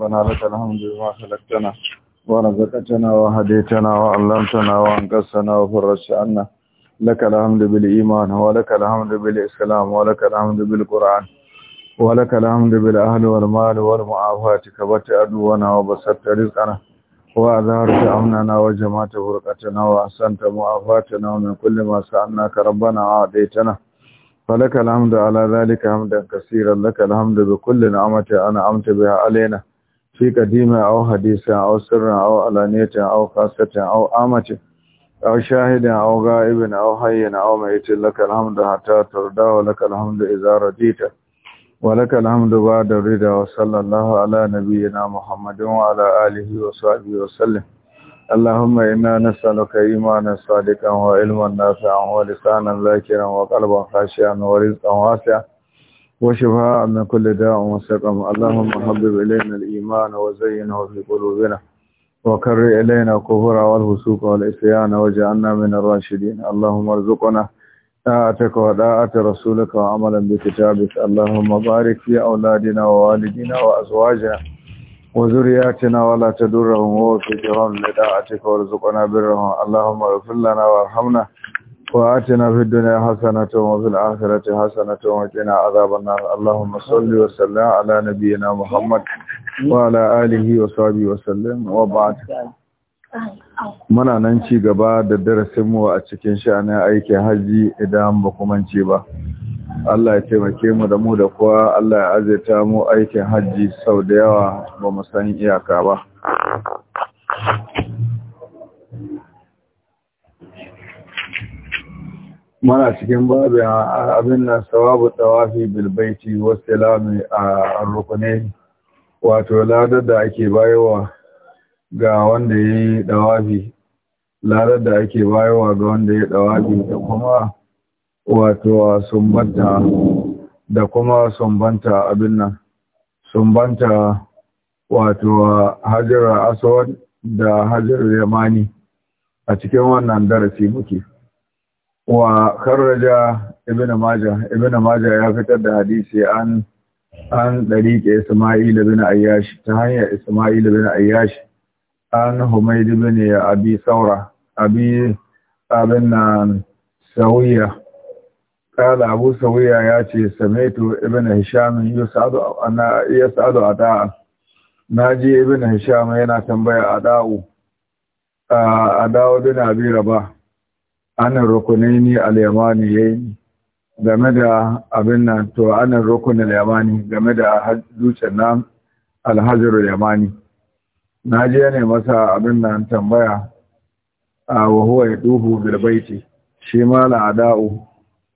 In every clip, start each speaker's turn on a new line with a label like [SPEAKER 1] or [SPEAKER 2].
[SPEAKER 1] ربنا لك الحمد بما خلقتنا ورزقتنا وهديتنا وعلمتنا وانقصنا وفرجت عنا لك الحمد بالإيمان ولك الحمد بالإسلام ولك الحمد بالقرآن ولك الحمد بالأهل والمال والمعافاة كبت أدونا وبسطت رزقنا وأظهرت أمننا وجمعت فرقتنا وأحسنت معافاتنا ومن كل ما سألناك ربنا عاديتنا فلك الحمد على ذلك حمدا كثيرا لك الحمد بكل نعمة أنعمت بها علينا fi kadima aw hadisa aw sirra aw alaniyata aw qasata aw amata aw shahida aw ga'ibin aw hayyin aw maitin laka alhamdu hatta turda wa laka alhamdu idza radita wa laka alhamdu ba da rida wa sallallahu ala nabiyyina muhammadin wa ala alihi wa sahbihi wa sallam allahumma ina inna nas'aluka imanan sadiqan wa ilman nafi'an wa lisanan zakiran wa kashiya na wa rizqan wasi'an وشفاء من كل داء وسقم اللهم حبب إلينا الإيمان وزينه في قلوبنا وكر إلينا الكفر والفسوق والعصيان واجعلنا من الراشدين اللهم ارزقنا طاعتك وطاعة رسولك وعملا بكتابك اللهم بارك في أولادنا ووالدنا وأزواجنا وذرياتنا ولا تدرهم ووفقهم لطاعتك وارزقنا برهم اللهم اغفر لنا وارحمنا وآتنا في الدنيا حسنة وفي الآخرة حسنة وقنا عذاب النار اللهم صل وسلم على نبينا محمد وعلى آله وصحبه وسلم وبعد muna nan ci gaba da darasinmu a cikin sha'anin aikin hajji idan ba kumanci ba Allah ya taimake mu da mu da kuwa Allah ya azaita mu aikin hajji sau da yawa ba mu san iyaka ba mana cikin babin abin nan sawabu tawafi bilbaiti wasu lami a rukunai wato ladar da ake bayowa ga wanda ya yi ladar da ake bayowa ga wanda ya yi da kuma wato sumbanta da kuma sumbanta abin nan sumbanta wato hajjar aswad da hajjar yamani a cikin wannan darasi muke. wa kharraja ibn majah ibn majah ya fitar da hadisi an an dariqe isma'il ibn ayyash ta hanyar isma'il ibn ayyash an humayd ibn abi saura abi abin nan sawiya kala abu sawiya ya ce samaitu ibn hisham yusadu ana yasadu ata naji ibn hisham yana tambaya ada'u a dawo bin abi rabah anan rukunaini al-yamani yayi game da abin nan to anan rukunin yamani game da zuciyar nan alhajarul yamani na je ne masa abin nan tambaya a wahuwa ya duhu bilbaiti shi ma na ada'u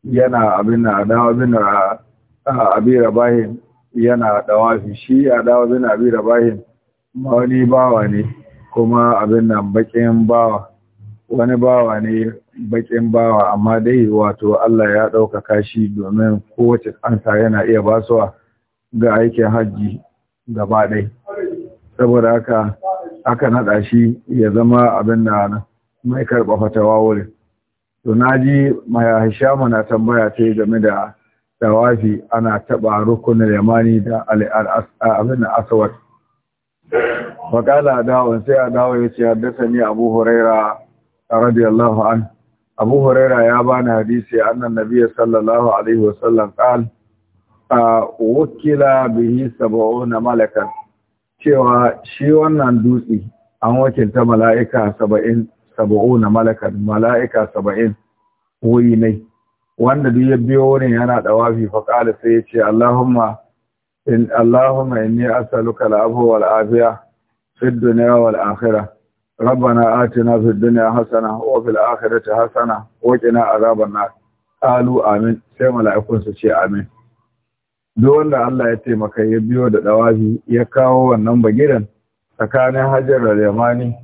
[SPEAKER 1] yana abin na ada'u abin abira bahin yana dawafi shi ada'u abin abira bahin mawani bawa ne kuma abin nan bakin bawa wani bawa ne baƙin bawa amma dai wato Allah ya ɗaukaka shi domin kowace ansa yana iya basuwa ga aikin hajji gaba ɗai saboda haka aka naɗa shi ya zama abin da mai karɓa fatawa wurin to na ji mai hishamu na tambaya ta yi game da tawafi ana taɓa rukunin yamani da abin aswad faƙala dawon sai a dawo ya ce haddasa ne abu huraira radiyallahu an Abu Huraira ya bani hadisi annan Nabi sallallahu alaihi wasallam qal wakila bihi sab'una malakan cewa shi wannan dutse an wakilta mala'ika 70 sab'una malakan mala'ika 70 wuri ne wanda duk ya biyo wurin yana dawafi fa qala sai ya ce Allahumma in Allahumma inni as'aluka al-afwa wal afiya fid dunya wal akhirah ربنا آتنا في الدنيا حسنة وفي الآخرة حسنة وقنا عذاب النار قالوا آمين sai mala'ikun su ce amin duk wanda Allah ya taimaka ya biyo da ɗawafi ya kawo wannan bagidan tsakanin hajjar Yamani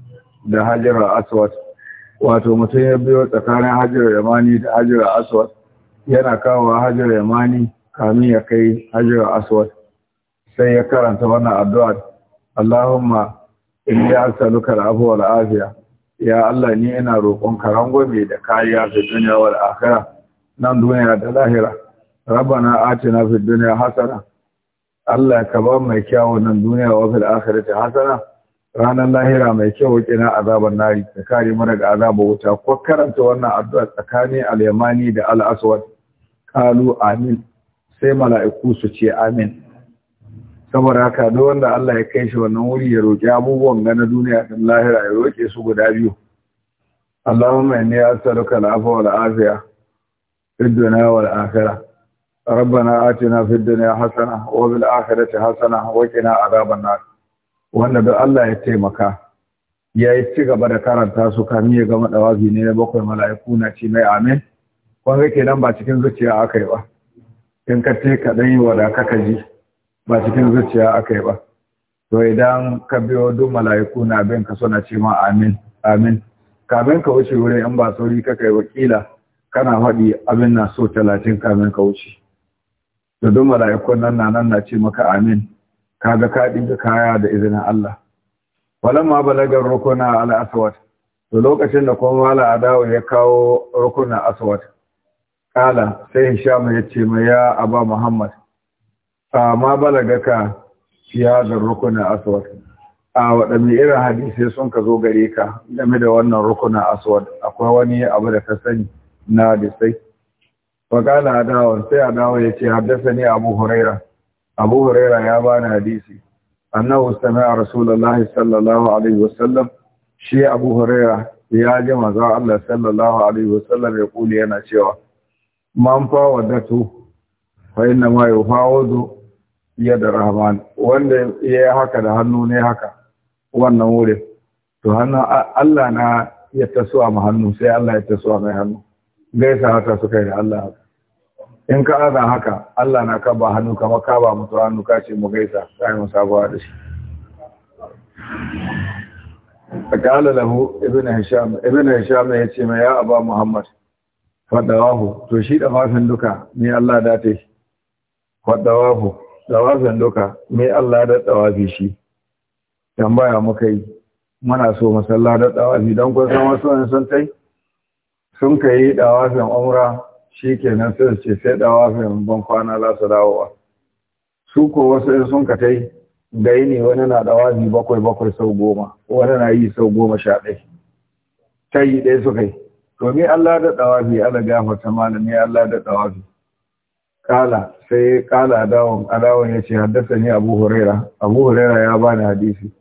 [SPEAKER 1] da hajjar Aswad wato mutum ya biyo tsakanin hajjar Yamani da hajjar Aswad yana kawo Hajar Yamani kamin ya kai hajjar Aswad sai ya karanta wannan addu'a Allahumma In ya as'aluka da abuwar afiya ya Allah ne ina roƙon ka mai da kariya fi duniya wal akhirah nan duniya da lahira rabbana atina fi duniya hasana Allah ka ba mai kyawu nan duniya wa fil akhirati hasana ranar lahira mai kyau kina azaban nari ka kare mu daga azabar wuta ko karanta wannan addu'a tsakanin al da al-aswad qalu amin sai mala'iku su ce amin saboda haka duk wanda Allah ya kai shi wannan wuri ya roƙi abubuwan gana duniya din lahira ya roƙe su guda biyu Allahumma inni as'aluka al-afwa wal afiya fid dunya wal akhirah ربنا آتنا في الدنيا حسنة وفي hasana, حسنة وقنا عذاب النار wanda da Allah ya taimaka ya yi ci gaba da karanta su kamin ya gama dawazi ne na bakwai mala'iku na ce mai amin kun ke nan ba cikin zuciya aka yi ba in ka ce ka dai wada ka ji ba cikin zuciya aka yi ba to idan ka biyo duk mala'iku na bin ka suna ce ma amin amin kamin ka wuce wurin in ba sauri ka kai wakila kana faɗi abin na so talatin kamin ka wuce da duk mala'iku nan na nan na ce maka amin ga ka ɗinka kaya da izinin Allah walamma balagar rukuna ala aswad to lokacin da kuma wala dawo ya kawo rukunan aswad kala sai hisham ya ce mai ya aba muhammad ma balagaka ya da rukunin aswad a waɗanne irin hadisai sun ka zo gare ka game da wannan rukunin aswad akwai wani abu da ka sani na hadisai faƙala adawa sai adawa ya ce haddasa ne abu huraira abu huraira ya bani hadisi annahu sami'a rasulullahi sallallahu alaihi wasallam shi abu huraira ya ji maza Allah sallallahu alaihi wasallam ya kuli yana cewa man wadatu fa inna ma zo. yadda rahman wanda ya yi haka da hannu ne haka wannan wurin to hannun Allah na ya tasowa ma hannu sai Allah ya tasowa mai hannu gaisa haka suka yi da Allah haka in ka ana haka Allah na kaba ba hannu kama ka ba mutu hannu ka ce mu gaisa yi mu sabuwa da shi qala lahu ibn hisham ibn hisham ya ce mai ya aba muhammad fadawahu to shi da fasin duka ni Allah da ta yi fadawahu tsawafin duka mai Allah da tsawafi shi tambaya muka yi muna so masalla da tsawafi don kun san wasu wani sun kai, sun ka yi tsawafin umra shi ke nan sun ce sai tsawafin ban kwana za su dawowa su ko wasu in sun ka tai gai ne wani na tsawafi bakwai bakwai sau goma wani na yi sau goma sha ɗaya ta yi ɗaya suka yi to mai Allah da tsawafi ala gafarta malami Allah da tsawafi kala sai kala adawon adawon ya ce haddasa ne abu huraira abu huraira ya bani hadisi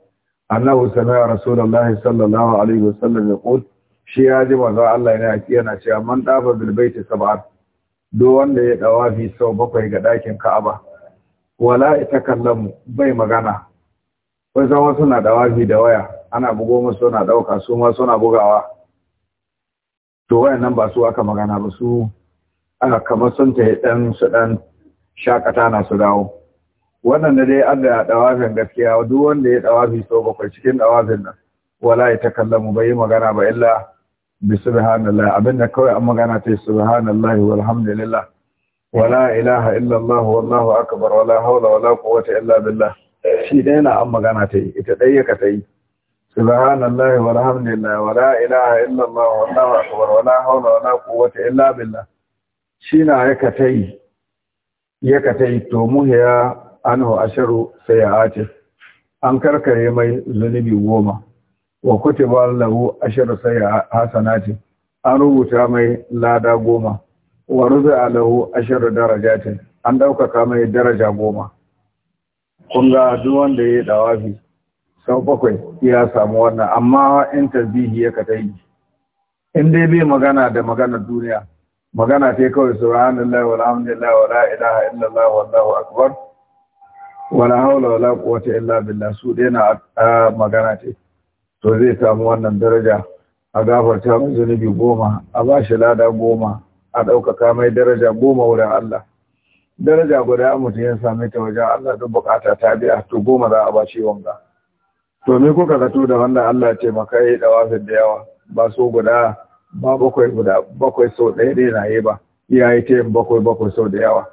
[SPEAKER 1] annahu sami'a rasulullahi sallallahu alaihi wasallam yaqul shi ya ji manzo Allah yana yana cewa man dafa bil baiti sab'at do wanda ya dawafi sau bakwai ga dakin Ka'aba wala itakallamu bai magana wasu wasu na dawafi da waya ana bugo musu suna dauka su ma suna bugawa to wayannan ba su aka magana ba su aka ah, kamar sun ta ɗan su dan shakata na su dawo wannan da dai Allah ya ɗawafin gaskiya duk wanda ya ɗawafi so bakwai cikin ɗawafin nan wala ya kallamu bai magana ba illa bi subhanallah abinda kawai an magana ta subhanallahi walhamdulillah wala ilaha illallah wallahu akbar wala haula wala quwwata illa billah shi dai na an magana ta yi ita dai ya ka ta yi subhanallahi walhamdulillah wala ilaha illallah wallahu akbar wala haula wala quwwata illa billah shi na yaka ta yi yaka to muhiya anhu asharu sai ya an karkare mai zunubi goma wa kutiba lahu asharu sai hasanati an rubuta mai lada goma wa ruza lahu asharu darajatin an ɗaukaka mai daraja goma kun ga duk wanda ya dawafi sau bakwai ya samu wannan amma in tasbihi ya katai in dai bai magana da maganar duniya magana ce kawai Allah walhamdulillahi wala ilaha illallah wallahu akbar wala haula wala quwwata illa billah su dai na magana ce to zai samu wannan daraja a gafarta mai zunubi goma a ba shi lada goma a ɗaukaka mai daraja goma wurin Allah daraja guda mutum ya same ta wajen Allah duk bukata ta biya to goma za a ba shi wanga to me kuka zato da wannan Allah ce maka yi wasu da yawa ba so guda ba bakwai guda bakwai sau ɗaya ne na yi ba ya yi ta yin bakwai bakwai sau da yawa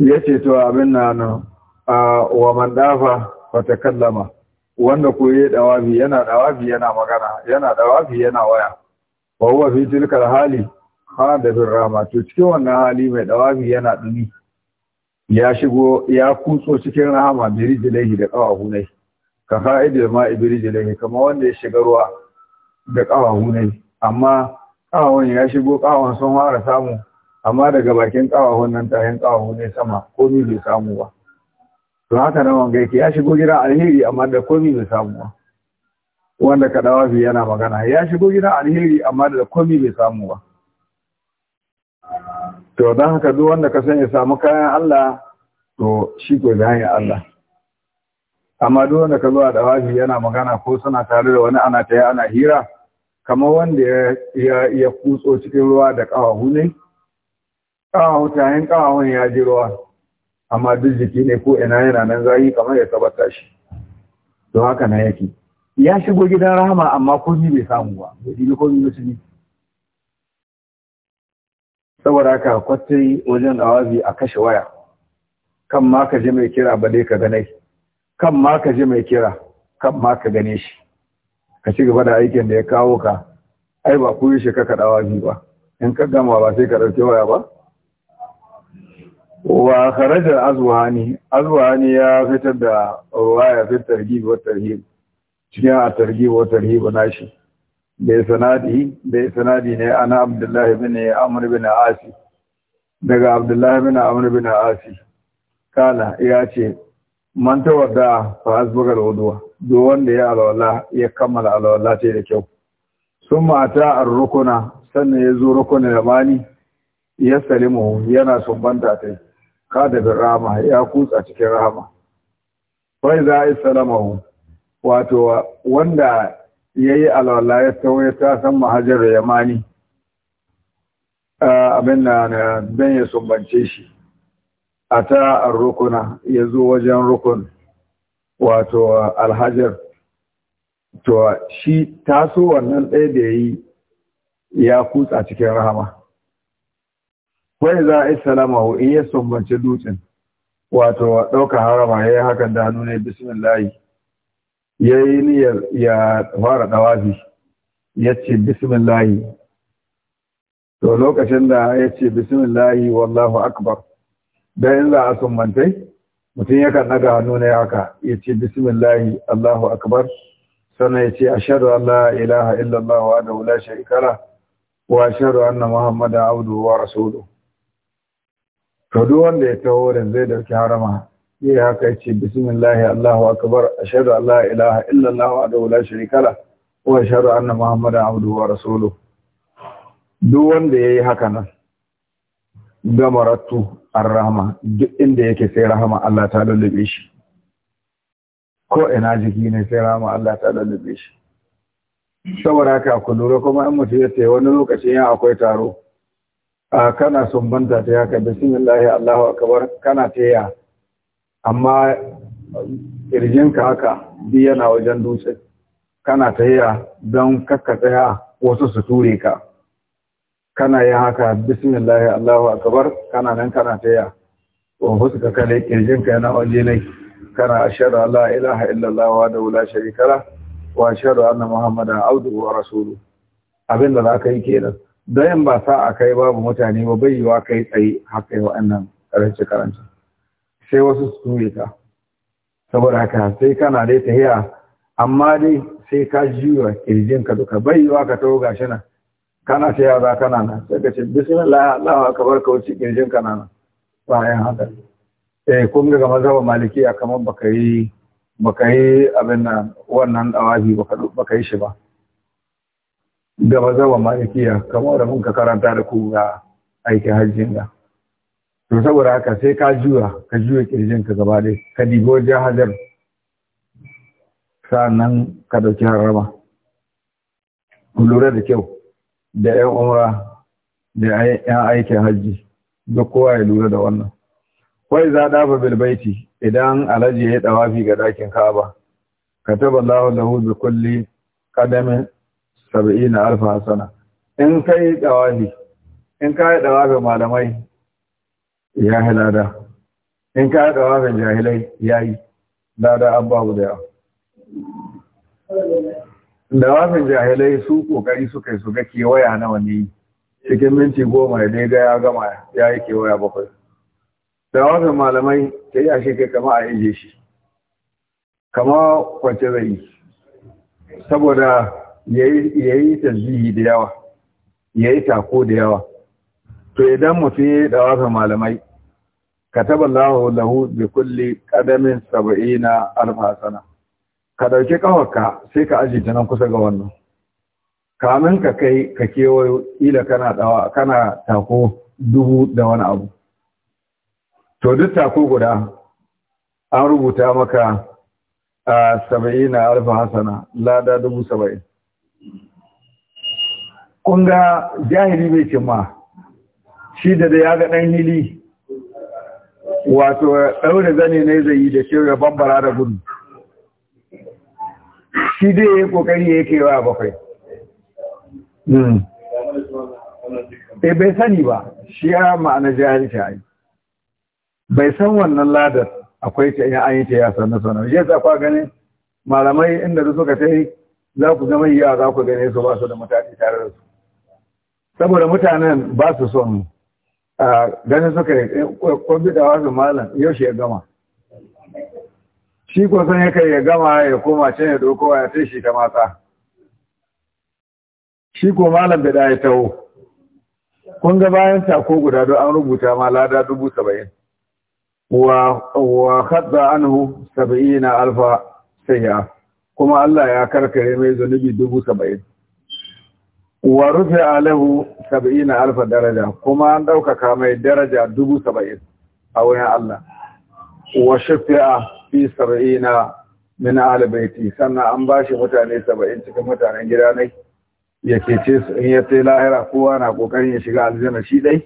[SPEAKER 1] ya ce to abin na nan a wa mandafa wata kallama wanda ko yi ɗawabi, yana ɗawabi yana magana yana ɗawabi yana waya wa huwa fi tilkar hali da bin rama to cikin wannan hali mai ɗawabi yana ɗini ya shigo ya kutso cikin rama birijilai da ƙawa hunai ka fa'idil ma ibirijilaihi kamar wanda ya shiga ruwa da ƙawahu ne amma ƙawahun ya shigo ƙawahun sun fara samu amma daga bakin ƙawahun nan ta yin ƙawahu ne sama komi bai samu ba to haka nan wanga yake ya shigo gidan alheri amma da komi bai samu ba wanda ka dawa bi yana magana ya shigo gidan alheri amma da komi bai samu ba to don haka duk wanda ka san ya samu kayan Allah to shi ko da hanyar Allah amma duk wanda ka zo a dawafi yana magana ko suna tare da wani ana yi ana hira kamar wanda ya kutso cikin ruwa da ƙawahu ne ƙawahu tayin ƙawahun ya ji ruwa amma duk jiki ne ko ina yana nan zafi kamar ya sabata shi to haka na yake ya shigo gidan rahama amma komi bai samu ba bai dini komi ba ne saboda haka kwatai wajen awazi a kashe waya kan ma ka je mai kira ba dai ka ganai kan ma ka je mai kira kan ma ka gane shi ka ci gaba da aikin da ya kawo ka ai ba ku yi shi ka kaɗawa bi ba in ka gama ba sai ka ɗauke waya ba wa kharaja azwani azwani ya fitar da ruwaya fi targhib wa tarhib cikin a targhib wa tarhib nashi da sanadi da sanadi ne ana abdullahi bin amr bin asi daga abdullahi bin amr bin asi kana ya ce Mantawar da fa azbagar wuduwa do wanda ya alwala ya kammala alwala ta da kyau Sun mata ar-rukuna sannan ya zo rukunin yamani ya salimu yana sumbanta ta Ka da rahama ya kutsa cikin rahama fa iza islamahu wato wanda yayi alwala ya tawo ya ta san mahajar yamani abin da dan ya sumbance shi a ta rukuna ya zo wajen rukun wato alhajar to shi taso wannan ɗaya da ya yi ya kutsa cikin rahama Kai za a yi salama in ya sumbanci dutsen wato ɗauka harama ya yi hakan da hannu ne bismillahi ya yi niyyar ya fara ɗawafi ya ce bismillahi to lokacin da ya ce bismillahi wallahu akbar dan in za a mantai, mutum yakan daga hannu na haka ya ce bismillahi allahu akbar sannan ya ce "A an la ilaha illallah wa da la sharika la wa ashhadu anna muhammadan abu wa rasulu to duk wanda ya taho da zai dauki harama ya yi haka ya ce bismillahi allahu akbar A an la ilaha illallah wa da la sharika la wa ashhadu anna muhammadan abu wa rasulu duk wanda ya yi haka nan gamarattu ar duk inda yake sai rahama Allah ta lullube shi ko ina jiki ne sai rahama Allah ta lullube shi saboda haka ku lura kuma in mutum ya tayi wani lokaci ya akwai taro a kana sumbanta ta haka bismillah Allahu akbar kana taya amma kirjinka haka bi yana wajen dutse kana taya don kaka tsaya wasu su ture ka kana yin haka bismillah allahu akbar kana nan kana taya wa fuska ne kirjin ka yana waje ne kana ashhadu an la ilaha illallah wa da la sharika la wa ashhadu anna muhammadan abduhu wa rasulu. abin da zaka yi kenan dayan ba sa a kai babu mutane ba bai yiwa kai tsaye haka yi wa'annan karance karance sai wasu su tuye ka saboda haka sai kana dai tahiya amma dai sai ka jiwa kirjin ka duka bai yiwa ka tawo gashi nan kana ce yaza kana nan sai ka ce bismillah Allahu akbar ka wuce kirjin kana nan bayan haka eh kun ga mazhabin malikiya kamar baka yi baka yi abin nan wannan dawabi baka baka yi shi ba ga mazhabin malikiya kamar da mun ka karanta da ku ga aikin hajjin da to saboda haka sai ka jura, ka jure kirjin ka gaba dai ka dibo jahajar sa'annan ka dauki harama lura da kyau da 'yan umra da 'yan aikin hajji duk kowa ya lura da wannan wai za dafa bilbaiti idan alhaji ya dawafi ga dakin ka'aba kataba Allahu lahu bi kulli qadamin 70 alf hasana in kai dawafi in kai dawafi malamai ya halada in kai dawafi jahilai yayi da da abba da yawa da wafin jahilai su kokari suka yi su ga kewaya nawa ne cikin minti goma ya dai ga ya gama ya yi kewaya bakwai da wafin malamai ta yi ashe kai kama a ije shi kama kwace zai yi saboda ya yi tasbihi da yawa ya yi tako da yawa to idan mu ya da wafin malamai kataballahu lahu bi kulli qadamin sab'ina alf hasana ka ɗauki ƙawarka sai ka ajiye ta nan kusa ga wannan kamin ka kai ka kewayo ila kana dawa kana tako dubu da wani abu to duk tako guda an rubuta maka a saba'i na alfa hasana lada dubu saba'in ƙunga ga jahili bai cimma shi da da ya ga ɗan hili wato ɗaure zane ne zai yi da shi bambara da gudu shi dai ya yi ƙoƙari ya kewa wa bakwai e bai sani ba shi ya ma'ana jihari ta yi bai san wannan ladar akwai ta yin an ta ya sannu sannu ya zafa ganin malamai inda su suka ta yi za ku zama yi za ku gane su ba da mutane tare da su saboda mutanen ba su son ganin suka yi da eh, wasu malam yau shi ya gama shi ko san yake ya gama ya koma can ya doko ya shi ta mata shi ko malam bai da ya taho kun ga bayan ko guda don an rubuta ma lada dubu saba'in wa hadda anhu na alfa sayya kuma Allah ya karkare mai zunubi dubu saba'in wa rufe alahu na alfa daraja kuma an ɗaukaka mai daraja dubu saba'in a wurin Allah wa shafi'a fi sab'ina min ahli baiti sannan an bashi mutane saba'in cikin mutanen gida ne ya ce su in ya tai lahira kowa na kokarin ya shiga aljanna shi dai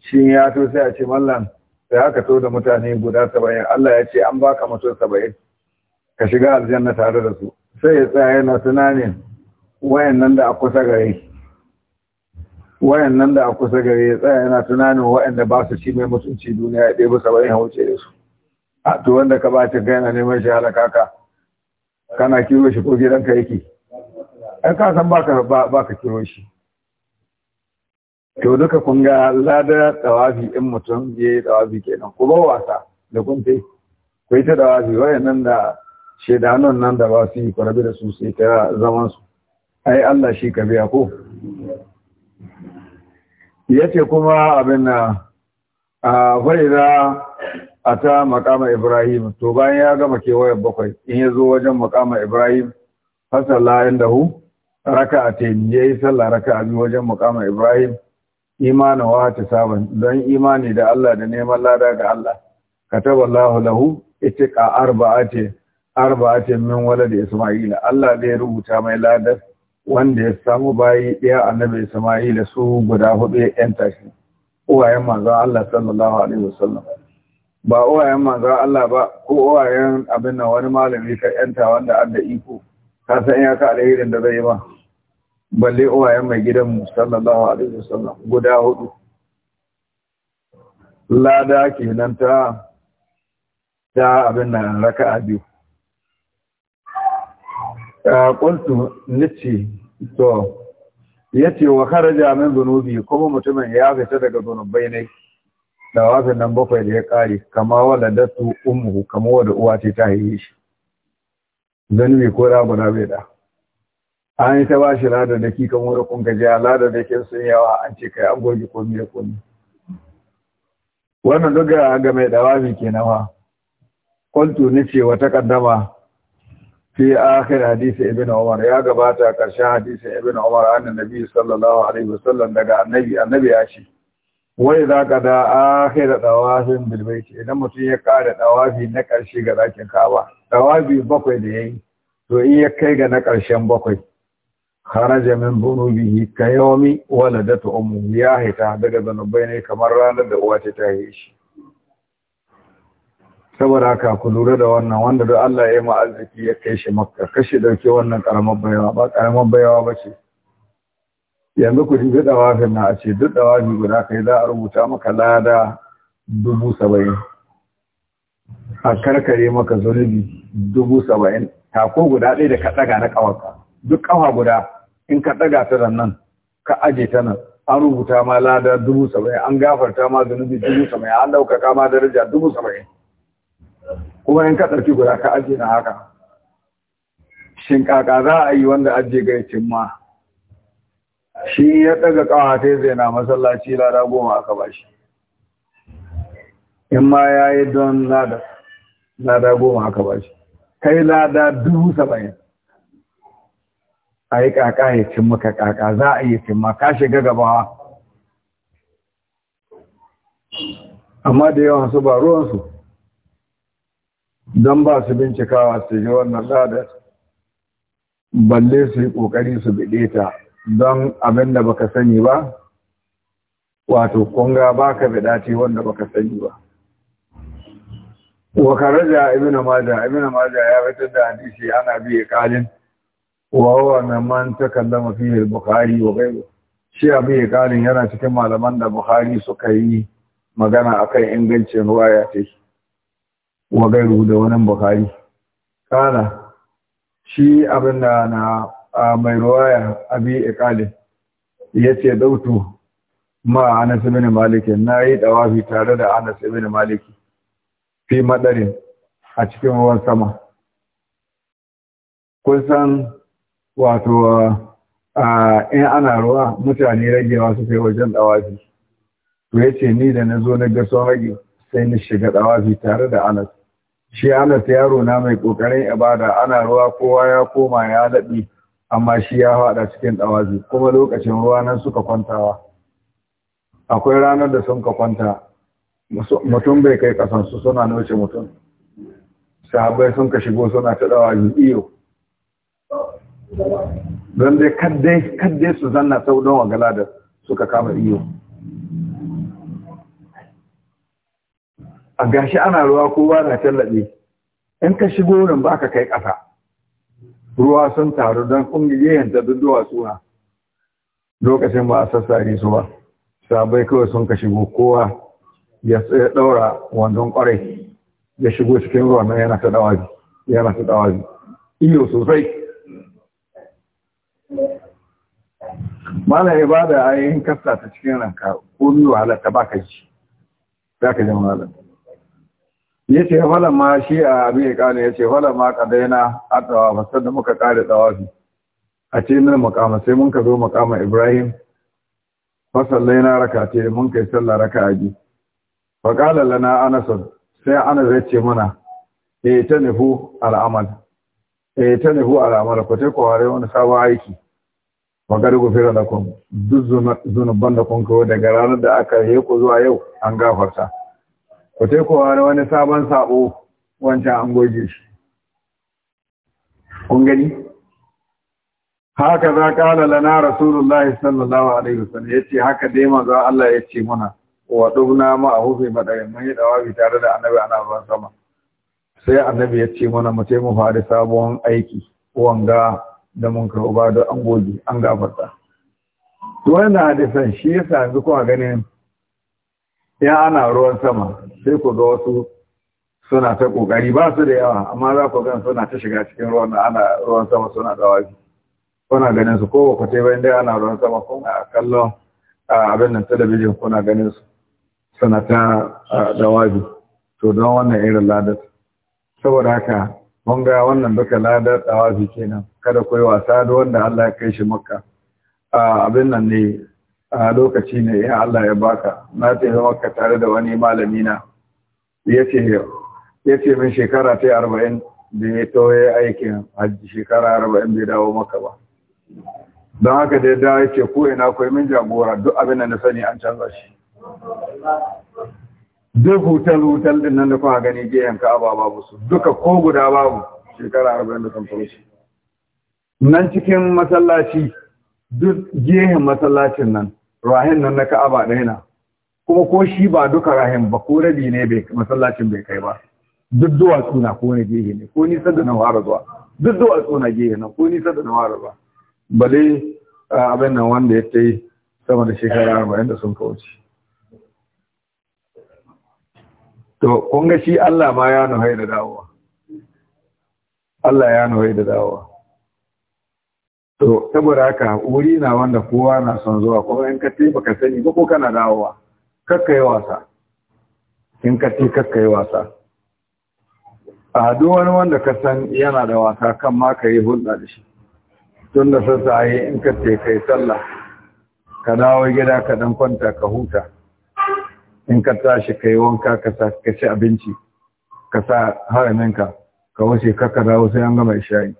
[SPEAKER 1] shi ya to sai a ce mallan sai aka to da mutane guda saba'in Allah ya ce an baka mutum saba'in ka shiga aljanna tare da su sai ya tsaya yana tunanin wayannan da a kusa gare wayannan da a kusa gare ya tsaya yana tunanin wayanda ba su ci mai mutunci duniya ya ɗebi saba'in hauce da su a to wanda ka ba ka gaina neman shi halaka ka kana kiwo shi ko gidanka yake ai ka san baka baka kiwo shi to duka kun ga lada tawafi in mutum ya yi tawafi kenan ku ba wasa da kun tai ku yi ta tawafi nan da shedanon nan da ba su yi da su sai ta zaman su ai Allah shi ka biya ko yace kuma abin na a fa'iza a ta makama ibrahim to bayan ya gama kewaye bakwai in ya zo wajen makama ibrahim fasalla inda hu raka ya yi sallah raka wajen makama ibrahim imanin wa ta saban don imani da allah da neman lada ga allah kataba allahu lahu itika a arba'atin min da isma'ila allah zai rubuta mai lada wanda ya samu bayi ɗaya annabi isma'ila su guda hudu ya yanta shi uwayen manzon allah sallallahu alaihi wasallam ba uwayen manzan Allah ba ko uwayen abin nan wani malami ka yanta wanda an da iko ka san ya ka alherin da zai ba balle uwayen mai gidanmu sallallahu alaihi wasallam guda hudu lada kenan ta ta abin nan raka'a biyu qultu nace to yace wa kharaja min dhunubi kuma mutumin ya fita daga zunubai ne tawafin nan bakwai da ya kare, kama wadda dattu ummuhu kama wadda uwa ce ta haife shi zanubi ko da guda bai da an yi ta ba shi lada da ki kama wadda kun gajiya lada da ke sun yawa an ce kai an goge komi da komi wannan duk ga mai dawafi kenan nawa kuntu ni ce wa kaddama fi akhir hadisi ibn umar ya gabata karshen hadisi ibn umar annabi sallallahu alaihi wasallam daga annabi annabi ya ce wai za ka da akhira dawafin bil idan mutum ya kare dawafi na ƙarshe ga zakin kaba? dawafi bakwai da ya yi, to in ya kai ga na ƙarshen bakwai Haraja min bunubihi ka yawmi waladatu ummu ya hita daga zanubai ne kamar ranar da uwa ta tahe shi saboda haka ku lura da wannan wanda duk Allah ya yi ma ya kai shi makka kashi dauke wannan karamar bayawa ba karamar bayawa ba ce yanzu ku dubi dawafin na a ce duk dawafi guda kai za a rubuta maka lada dubu saba'in a karkare maka zunubi dubu saba'in tako guda ɗaya da ka ɗaga na ƙawarka duk ƙawa guda in ka ɗaga ta nan ka aje ta nan an rubuta ma lada dubu saba'in an gafarta ma zunubi dubu saba'in an ɗaukaka ma daraja dubu saba'in kuma in ka ɗauki guda ka aje na haka shinkaka za a yi wanda aje ga ya cimma shi ya daga kawatai zai na masallaci lada goma aka ba shi in ma ya yi don lada goma aka ba shi kai lada dubu saba'in a yi kaka ya cin maka kaka za a yi cin ma ka shiga gabawa. amma da yawan su ba ruwansu don ba su bincikawa su ji wannan lada, balle su yi ƙoƙari su bide ta don abin da baka sani ba wato kunga baka bidace wanda baka sani ba wa karaja ibn majah ibn majah ya fitar da hadisi ana bi kalin wa huwa mimman takallama fihi al-bukhari wa ghayru shi abi kalin yana cikin malaman da bukhari suka yi magana akan ingancin ruwaya ta shi wa ghayru da wannan bukhari kana shi abin da na mai ruwaya abi Ya ce dautu ma Anas ibn Malik na yi dawafi tare da Anas ibn Malik fi madarin a cikin ruwan sama kun san wato in ana ruwa mutane ragewa su kai wajen dawafi to ce ni da na zo na ga sun sai na shiga ɗawafi tare da Anas shi Anas yaro na mai kokarin ibada ana ruwa kowa ya koma ya daɗe. amma shi ya faɗa cikin ɗawazi kuma lokacin ruwa nan suka kwantawa akwai ranar da sun ka kwanta mutum bai kai kasansu suna noce mutum sahabai sun ka shigo suna ta ɗawazi iyo don dai kaddai su zanna sau don wagala da suka kama iyo a gashi ana ruwa kowa na tallaɓe in ka shigo wurin ba ka kai ƙasa ruwa sun taru don kungiyar ta duduwa suna lokacin ba a sassare su ba sabai kawai sun ka shigo kowa ya daura wandon kwarai ya shigo cikin ruwa na yana ta dawazi yana ta dawazi iyo sosai mana ibada ainihin kasta ta cikin ranka ko biyu wahala ta baka ji za ka jama'a halatta ya ce falon ma shi a abin ya kane ya ce falon ma kadaina a tsawafa sannan muka kare tsawafi a ce min makama sai mun ka zo makama ibrahim fasallai na raka ce mun kai sallah raka a ji faƙala lana anasar sai ana zai ce mana yi e, ta nufu al'amal yi e, ta nufu al'amal ku ta kware wani sabon aiki magar gufira da kun duk zunubban da kun kawo daga ranar da aka yi ku zuwa yau an gafarta ku te kowa wani sabon sabo wancan an goge shi kun gani haka za kala lana rasulullah sallallahu alaihi wasallam yace haka dai manzo Allah yace muna wa dubna ma a hufe madayin mun yi bi tare da annabi ana ruwan sama sai annabi yace muna mu mu fara sabon aiki wanga da mun ba da an goge an gafarta to wannan hadisan shi yasa yanzu kuma ganin in ana ruwan sama sai ku ga wasu suna ta kokari ba su da yawa amma za ku gan suna ta shiga cikin ruwan ana ruwan sama suna waje kuna ganin su ko ku tai bayan dai ana ruwan sama kuna kallon abin nan talabijin kuna ganin su suna ta waje to don wannan irin ladar saboda haka mun ga wannan duka ladar dawafi kenan kada ku yi wasa da wanda Allah ya kai shi makka abin nan ne a lokaci ne ya Allah ya baka na ta zama ka tare da wani malami na ya ce min shekara ta arba'in da ya toye aikin hajji shekara arba'in bai dawo maka ba don haka da ya ce ko ina ko min jagora duk abin da na sani an canza shi duk hutar-hutar din nan da kuma gani yanka ka'aba babu su duka ko guda babu shekara arba'in da sun shi nan cikin masallaci duk gehen masallacin nan rahin nan na ka'aba ɗaya na kuma ko shi ba duka rahin ba ko rabi ne bai masallacin bai kai ba duk duwatsu na ko ne gehe ne ko nisa da nawara zuwa duk duwatsu na gehe na ko nisa da nawara zuwa bale abin nan wanda ya ta yi sama da shekara arba'in da sun kauce to kun ga shi Allah ma ya nuhai da dawowa Allah ya nuhai da dawowa to saboda haka wuri na wanda kowa na son zuwa kuma in ka ka sani ko kana dawowa kakka yi wasa in ka kakka yi wasa a duk wani wanda ka san yana da wasa kan ma ka yi hulɗa da shi tun da sassa yi in ka ka kai sallah ka dawo gida ka dan kwanta ka huta in ka tashi ka yi wanka ka ci abinci ka sa haraminka ka wuce kakka dawo sai an gama shayi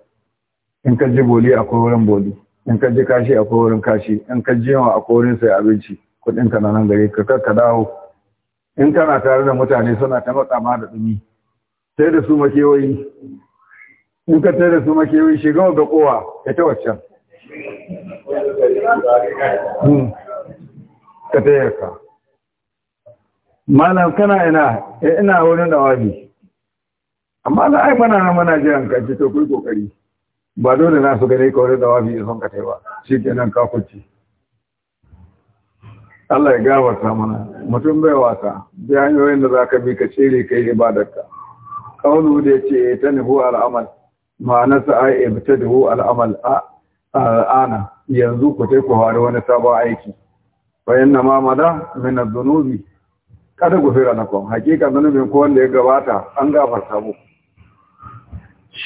[SPEAKER 1] in ka ji boli a wurin boli in ka ji kashi a wurin kashi in ka ji yawa a wurin sai abinci kudin ka na nan gare ka kar ka dawo in kana tare da mutane suna ta matsa ma da ɗumi sai da su makewayi in ka tare da su makewayi shiga ga kowa ya ta waccan hmm. ka ta yarka malam kana ina eh, ina wurin da wabi amma na ai mana mana jiran ka ce to kai kokari ba dole na su gane kawai da wafi son ka taiwa shi ke ka kuci Allah ya gafarta mana mutum bai wasa bi hanyoyin da za ka bi ka cire kai yi ibadarka kawai da ya ce ta nufu al'amal ma'anarsa a ta nufu al'amal a ana yanzu ku ta ku faru wani sabon aiki bayan na mamada min zunubi kada ku fira na kwan hakika zunubin ko wanda ya gabata an gafarta muku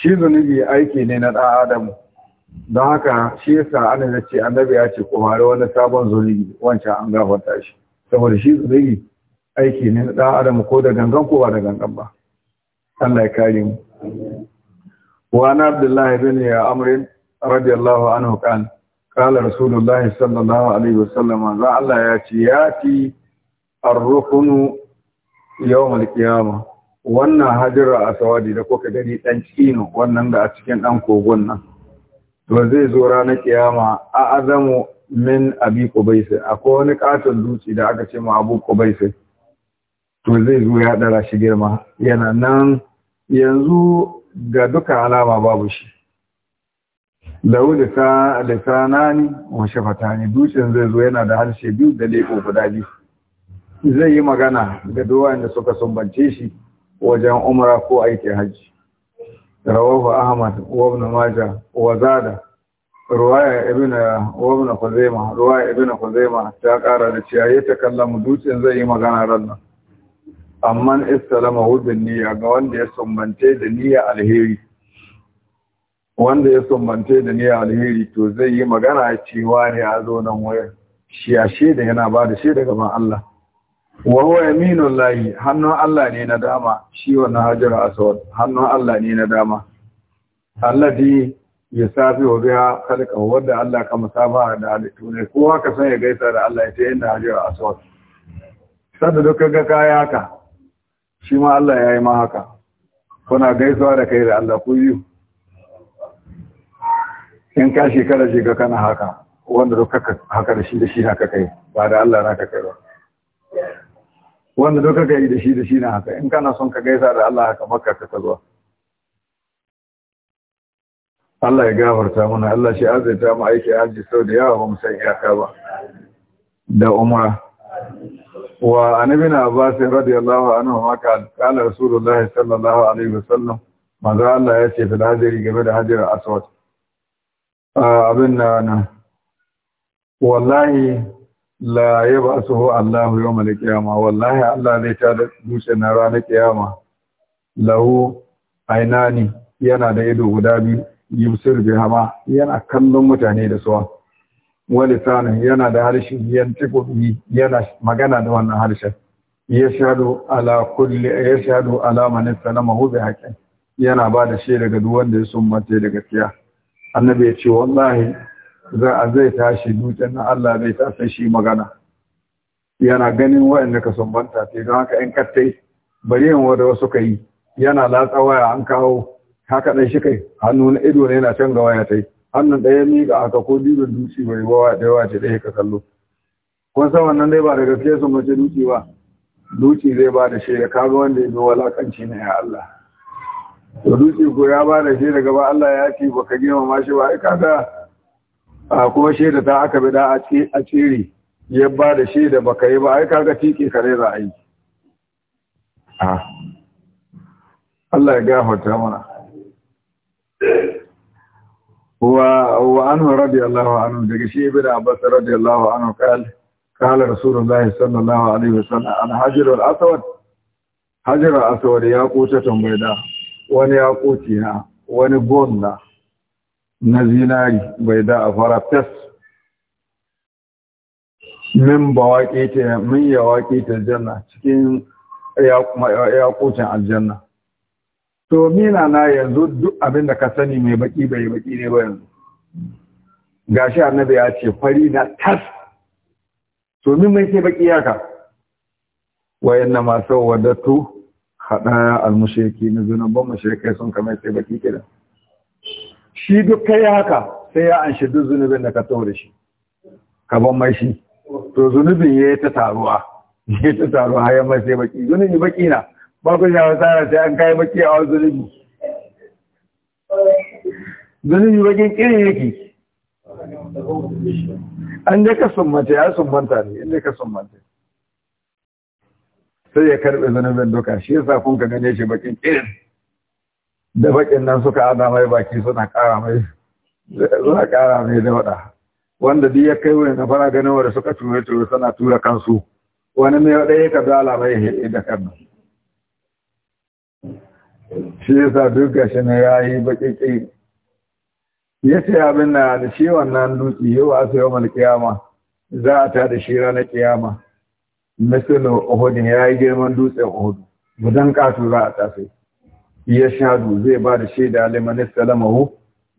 [SPEAKER 1] shi zunubi aiki ne na ɗan adam don haka shi yasa ana da ce annabi ya ce kumare wani sabon zunubi wancan an gafarta shi saboda shi zunubi aiki ne na ɗan adam ko da gangan ko ba da gangan ba Allah ya kare mu wa na abdullahi bin ya amrin radiyallahu anhu kan qala rasulullahi sallallahu alaihi wasallam za Allah ya ce yati ar-rukunu yawm al-qiyamah wannan hajjira a sawadi da kuka gani ɗan cino wannan da a cikin ɗan kogon nan to zai zo ranar kiyama a azamu min abi kubaisai akwai wani katon dutse da aka ce ma abu kubaisai to zai zo ya ɗara shi girma yana nan yanzu ga duka alama babu shi lau lisanani wa ne dutsen zai zo yana da harshe biyu da leƙo guda biyu zai yi magana ga duwayen da suka sumbance shi wajen umra ko aiki hajji rawahu ahmad wa ibn majah wa zada ruwaya ibn wa khuzaima ruwaya ibn khuzaima ta kara da cewa ya kallama dutsen zai yi magana ranna amman istalama wudin niyya ga wanda ya sumbante da niyya alheri wanda ya sumbante da niyya alheri to zai yi magana cewa ne a zo nan wayar shi ashe da yana ba da shi daga ban Allah wa huwa yaminul lahi hannun Allah ne na dama shi wannan hajjar aswad hannun Allah ne na dama allati yasafi wa biha khalqa wanda Allah ka musafa da halittu ne kowa ka san ya gaisa da Allah ita inda hajjar aswad sanda duka ga kaya ka shi ma Allah yayi ma haka kuna gaisuwa da kai da Allah ku yi in ka shekara je ga kana haka wanda duka haka da shi da shi haka kai ba da Allah ka kai ba wanda doka ka yi da shi da shi na haka in kana son ka gaisa da Allah haka maka ka zuwa Allah ya gafarta mana Allah shi azaita mu aiki Haji sau da yawa ba mu san iyaka ba da umra wa annabi na Abbas radiyallahu anhu haka kana Rasulullah sallallahu alaihi wasallam Maza Allah ya ce fil hajri game da hajjar aswat ah, abin na wallahi la ya ba su ho Allah yau kiyama wallahi Allah zai ta da dushe na ranar kiyama lahu ainani yana da ido guda biyu yusir hama yana kallon mutane da suwa walisanin yana da harshe yan tifofi yana magana da wannan harshen ya shaɗu ala kulli ya shaɗu ala man salama hu bi yana ba da shi daga duk wanda ya sumbace da gaskiya annabi ya ce wallahi Za zai tashi dutsen na Allah zai tasa shi magana yana ganin waɗanda ka sumbanta ce don haka ‘yan kattai bari yin wanda wasu ka yi yana latsa waya an kawo haka ɗan shi kai hannu na ido ne na can ga waya ta yi hannun ɗaya miƙa aka ko dibin dutse bai bawa da yawa ce ɗaya ka kallo kun san wannan dai ba da gaske sun mace dutse ba dutse zai ba da shaida kaga wanda ya bi walakanci na ya Allah to dutse ko ya ba da shaida gaba Allah ya ce baka girmama shi ba ai kaga a kuma shaida ta aka bi da a cire ya ba da shaida baka yi ba ai kaga tike kare za a yi Allah ya gafarta mana wa wa anhu radiyallahu anhu daga shi ibn Abbas radiyallahu anhu kal قال رسول الله صلى الله عليه وسلم الحجر الأسود حجر الأسود ياقوتة بيضاء wani yaƙoci na wani gonna na zinari bai da a fara fes min bawaƙe ta min ta janna cikin yaƙocin aljanna to mina na yanzu duk abin da ka sani mai baki bai baki ne ba yanzu gashi annabi ya ce fari na tas to min mai ke baki yaka wayanna ma sawadatu hadaya almushriki na ban mushrikai sun kamar sai baki kenan shi duk kai haka sai ya anshi duk zunubin da ka taho shi ka ban mai shi to zunubin ya yi ta taruwa ya yi ta taruwa Ya mai sai baki zunubi baki na ba ku ya wasara sai an kai baki a wani zunubi zunubi bakin kirin yake an dai ka summanta ya summanta ne ka summanta sai ya karɓe zunubin duka shi yasa kun ka gane shi bakin kirin da bakin nan suka ana mai baki suna kara mai suna kara mai da wada wanda duk ya kai wurin fara ganin wanda suka ture ture suna tura kansu wani mai wada ya kazala mai hede da kan shi ya sa duk gashi na yi baki kai ya ce abin na da shi wannan dutse yau a sayo mal kiyama za a ta da shi ranar kiyama misalin uhudin ya yi girman dutsen uhudu gudan kasu za a tasiri ya shaɗu zai ba da shaida liman salamahu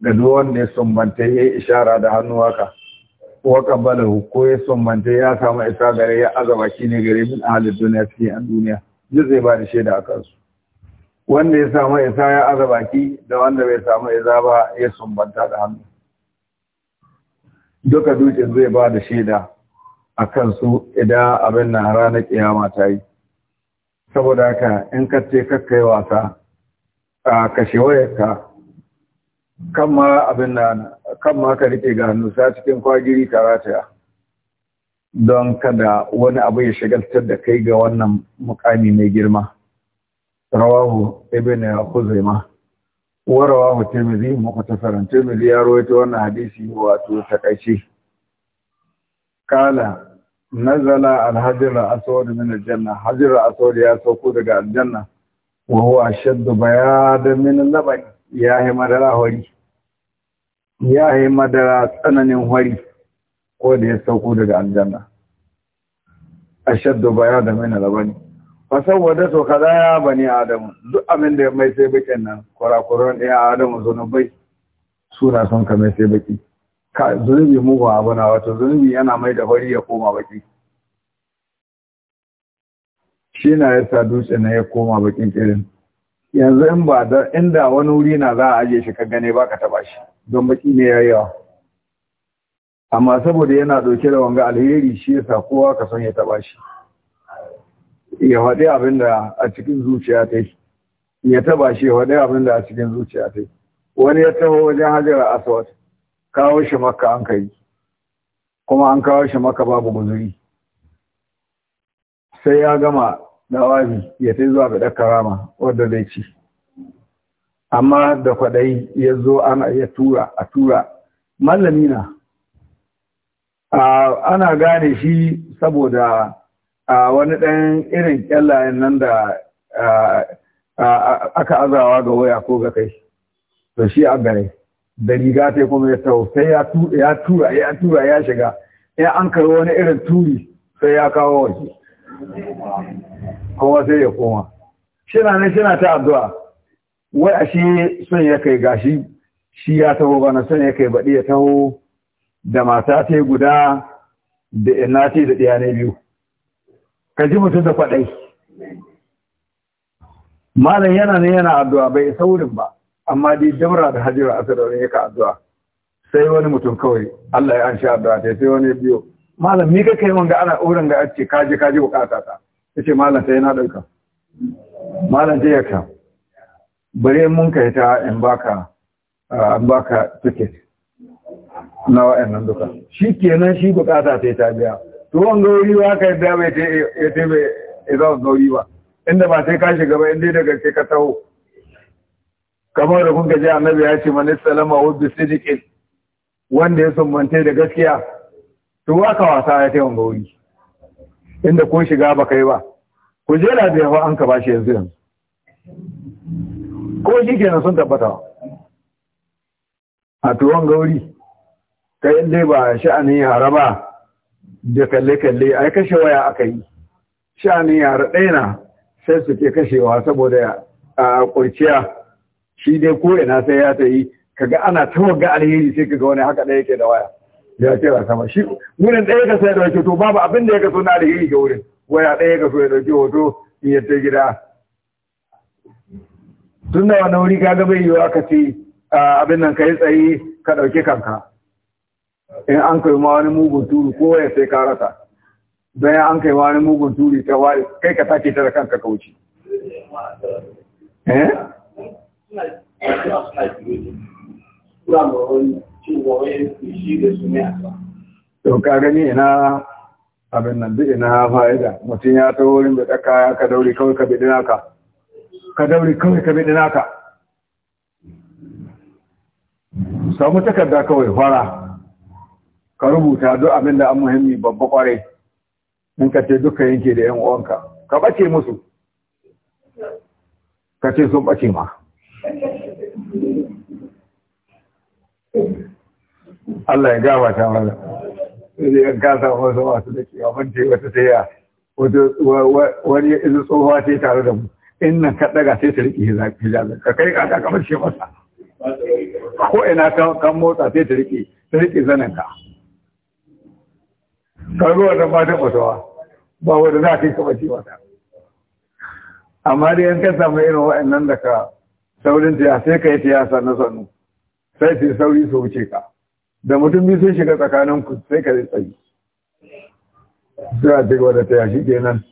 [SPEAKER 1] ga duk wanda ya sumbanta ya ishara da hannu haka wa qabbalahu ko ya sumbanta ya samu isa gare ya azaba shi ne gare min ahalin duniya suke an duniya duk zai ba da shaida a kansu wanda ya samu isa ya azaba ki da wanda bai samu isa ba ya sumbanta da hannu duka dukin zai ba da shaida a kansu idan abin na ranar kiyama ta yi saboda haka in ka ce kakkai wasa kashe wayarka kan ma abin da kan ma ka rike ga hannu sa cikin kwagiri ka rataya don kada wani abu ya shagaltar da kai ga wannan mukami mai girma rawahu ibn khuzaima wa rawahu tirmidhi muqtasaran tirmidhi ya rawaito wannan hadisi wato takaici kala nazala al-hajar aswad min al-janna hajar aswad ya sauko daga aljanna وهو أشد ashaddu من اللبن al مدرا هوري yi مدرا hori ya yi madara tsananin hori أشد ya sauko daga aljanna ashaddu bayadan min al-laban fa sawwada to kaza ya bani adam duk mai sai bakin nan ya suna son ka sai baki zunubi mugu abu na wato zunubi yana mai da hori ya koma baki shi na ya sa dutse na ya koma bakin kirin yanzu in ba da inda wani wuri na za a aje shi ka gane ba ka taba shi don baki ne ya yawa amma saboda yana dauke da wanga alheri shi ya sa kowa ka son ya taba shi ya faɗi abin da a cikin zuciya ta yi ya taba shi ya faɗi abin da a cikin zuciya ta yi wani ya taho wajen hajjara aswad kawo shi makka an kai kuma an kawo shi makka babu guzuri sai ya gama wani ya fi zuwa ga rama, wadda zai ci amma da kwaɗayi ya zo ana ya tura a tura mallami na ana gane shi saboda wani ɗan irin ƙyallayen nan da aka azawa ga waya ko ga kai to shi a gare da riga ta kuma ya tau sai ya tura ya tura ya shiga in an karo wani irin turi sai ya kawo waje kuma sai ya koma shina ne shina ta addu'a wai a shi son ya kai gashi shi ya taho bana son ya kai baɗi ya taho da mata ta guda da ina ce da ɗiya ne biyu ka ji mutum da kwaɗai malam yana ne yana addu'a bai saurin ba amma dai dabra da hajjira a sadarin ka addu'a sai wani mutum kawai Allah ya an sha addu'a sai wani biyu malam ni kai yi ga ana orin ga ce ji kaji bukata ta yace malam sai na dauka malam ya ka bare mun kai ta in baka an baka ticket na wa'annan duka shi kenan shi bukata ta ta biya to an gauri ba ka yadda bai ta ya ta bai idan wuri ba inda ba sai ka shiga ba inda daga ke ka taho kamar da kun gaji annabi ya ce man salama wa bi sidiqin wanda ya sumbante da gaskiya to waka wasa ya ta wuri inda kun shiga ba kai ba ku da yawa an ka bashi yanzu yanzu ko shi kenan sun tabbata a tuwon gauri ta inda ba sha'anin yara ba da kalle-kalle ai kashe waya aka yi sha'anin yara ɗaya na sai su ke kashewa saboda a ƙurciya shi dai ko ina sai ya ta yi ga ana ta wagga alheri sai kaga wani haka ɗaya yake da waya ya ce a sama shi wurin ɗaya ka sai ɗauki to babu abin da ya kaso na da yi ga wurin waya ɗaya ka so ya ɗauki hoto in yadda gida tun da wani wuri kaga bai yiwa ka ce abin nan ka yi tsayi ka ɗauki kanka in an kai ma wani mugun turu ko ya sai ka rasa don an kai ma wani mugun turu ta wari kai ka take ta da kanka ka wuce eh cewa wai shi da su ne a ba. ka gani ina abin nan bi ina fa'ida mutum ya ta wurin da kaya ka daure kawai ka bidi naka. Ka daure kawai ka bidi naka. Samu takarda kawai fara. Ka rubuta duk abin da an muhimmi babba kwarai. In ka ce duka yanke da ‘yan uwanka. Ka ɓace musu. Ka ce sun ɓace ma. Allah ya gabata mana sai an kasa wasu masu da ke wamance wata taya wani izu tsohuwa sai tare da mu in nan ka ɗaga sai ta riƙe hijabin ka kai kaka kamar shi masa ko ina kan motsa sai ta riƙe ta riƙe zanen ka karuwa da ta fatawa ba wanda za ka yi kamar shi masa amma dai 'yan ka samu irin wa'annan da ka saurin tiyasa sai ka yi tiyasa na sannu sai sai sauri su wuce ka da mutum biyu sun shiga tsakaninku sai ka tsayi sai a cigaba ta yashi shi kenan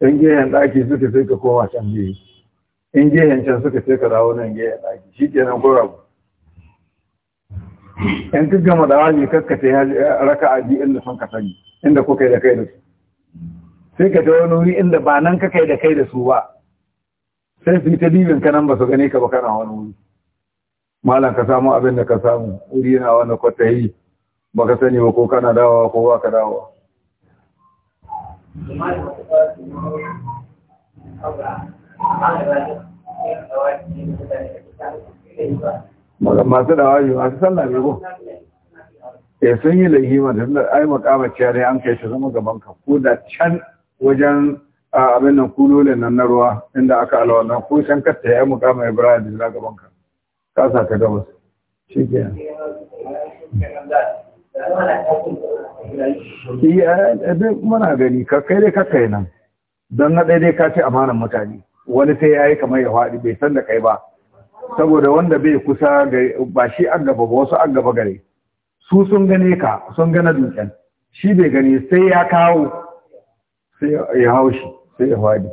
[SPEAKER 1] in gehen ɗaki suka sai ka koma can biyu in gehen can suka sai ka dawo nan gehen ɗaki shi kenan ko rabu in ka gama da wani kaskata ya raka a biyu inda son ka sani inda ku kai da kai da su sai ka ta wani wuri inda ba nan ka kai da kai da su ba sai su yi ta bibin ka nan ba su gane ka ba kana wani wuri malam ka samu abin da ka samu wuri yana wani yi ba ka sani ba ko kana dawowa ko ba ka dawowa masu yi masu sanna ne ko ya eh, sun yi lahima da ai makamaciya ne an kai shi zama gaban ka ko da can wajen abin nan kulolin nan na ruwa inda aka alwa na kusan kasta ya yi mukama ibrahim da gaban ka ka sa ta gabas shi ke abin eh, eh, muna gani kakai dai kakai nan don na ɗaya dai ka ce amanan mutane wani sai ya yi kamar ya faɗi bai san da kai ba saboda wanda bai kusa ba shi an gaba ba wasu an gaba gare su sun gane ka sun gane dukkan shi bai gani sai ya kawo sai ya hau shi sai ya faɗi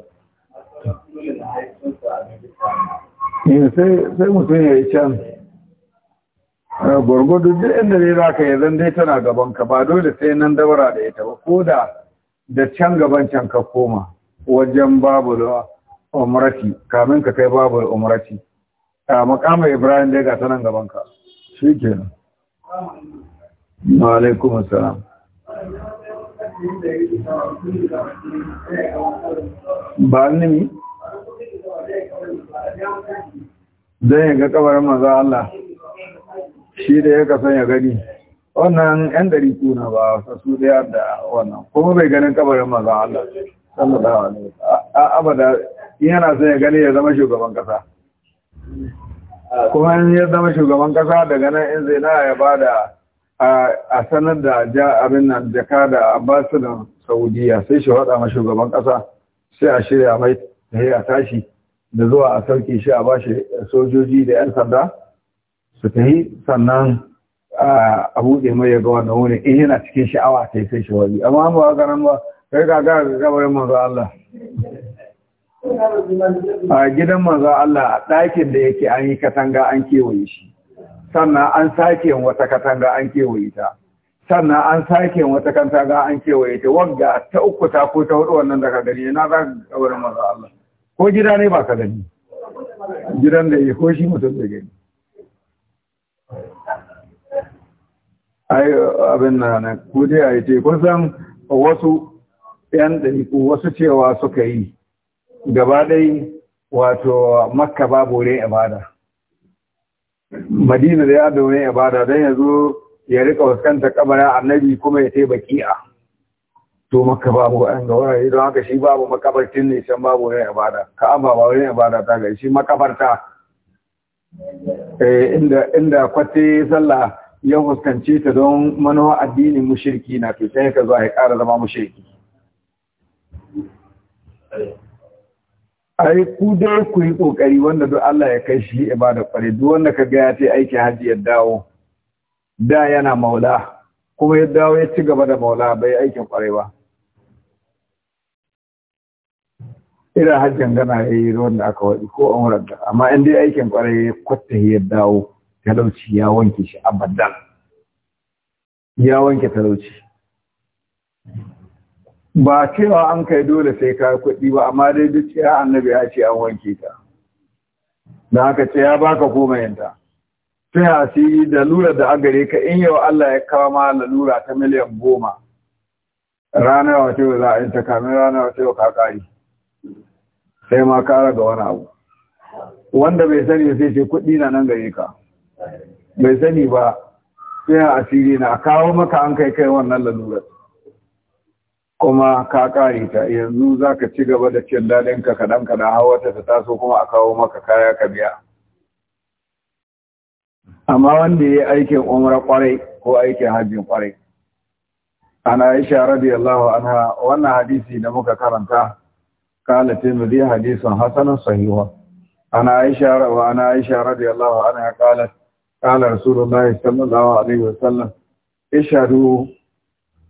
[SPEAKER 1] Eh, sai mutum ya yi can eh, gwargwado duk inda zai za ka yi zan dai tana gaban ka ba dole sai nan dabara da ita ba ko da da can gaban can ka koma wajen babu umarci kamin ka kai babu umarci a ah, makamar ibrahim dai ga tanan gaban ka shi ke nan alaikum salam. ba nimi don ya ga kabarin maza Allah shi da ya kasan ya gani wannan yan dari kuna ba su daya da wannan kuma bai ganin kabarin maza Allah abada yana son ya gani ya zama shugaban kasa kuma in ya zama shugaban kasa daga nan in zai na ya da a sanar da ja abin nan jaka da ambasidan saudiya sai shi wada ma shugaban kasa sai a shirya mai da tashi da zuwa a sauke shi a bashi sojoji da 'yan sanda su ta yi sannan a buɗe mai ya ga wannan wuri in yana cikin sha'awa ta yi sai shi wani amma ba ga nan ba kai ga ga ga gabarin manzo Allah a gidan manzo Allah a ɗakin da yake an yi katanga an kewaye shi sannan an sake wata katanga an kewaye ta sannan an sake wata katanga an kewaye ta wanda ta uku ta ko ta hudu wannan daga gari na za gabarin manzo Allah ko gida ne ba ka gani gidan da ya ko shi mutum da gani ai abin na na kudi a yi ce san wasu yan ɗariku wasu cewa suka yi gaba ɗai wato makka babu wurin ibada madina da ya da wurin ibada don ya zo ya rika kanta kabara annabi kuma ya taimaki a to maka babu wa'anga wurare don haka shi babu makabartin ne can babu abada ka an babu wani abada ta ga shi makabarta eh, inda inda kwate sallah ya fuskanci ta don manowa addinin mushriki na to sai ka zo ya kara zama mushriki ai ku dai ku yi kokari wanda duk Allah ya kai shi ibada kware duk wanda ka gaya ya ta aiki haji ya dawo da yana maula kuma ya dawo ya ci gaba da maula bai aikin kware ba irin hajjan gana ya yi ruwan da aka waɗi ko an wurin amma in dai aikin kwarai ya kwatta ya dawo talauci ya wanke shi abadan ya wanke talauci ba cewa an kai dole sai ka kuɗi ba amma dai duk ya annabi ya ce an wanke ta da haka ce ya baka komayinta sai asiri da lura da agare ka in yau Allah ya kawo ma lalura ta miliyan goma ranar wata yau za a yi ta kamin ranar wata yau ka ƙari sai ma kara ga wani abu wanda bai sani sai ce kuɗi na nan gare ka bai sani ba sai a asiri na kawo maka an kai kai wannan lalura kuma ka kare ta yanzu za ka ci gaba da cin ka kaɗan kaɗan hawata ta taso kuma a kawo maka kaya ka biya amma wanda ya yi aikin umar kwarai ko aikin hajjin kwarai ana aisha radiyallahu anha wannan hadisi da muka karanta قال تلمذي حديث حسن صحيح أنا عائشة وأنا عائشه رضي الله عنها قالت قال رسول الله صلى الله عليه وسلم اشهدوا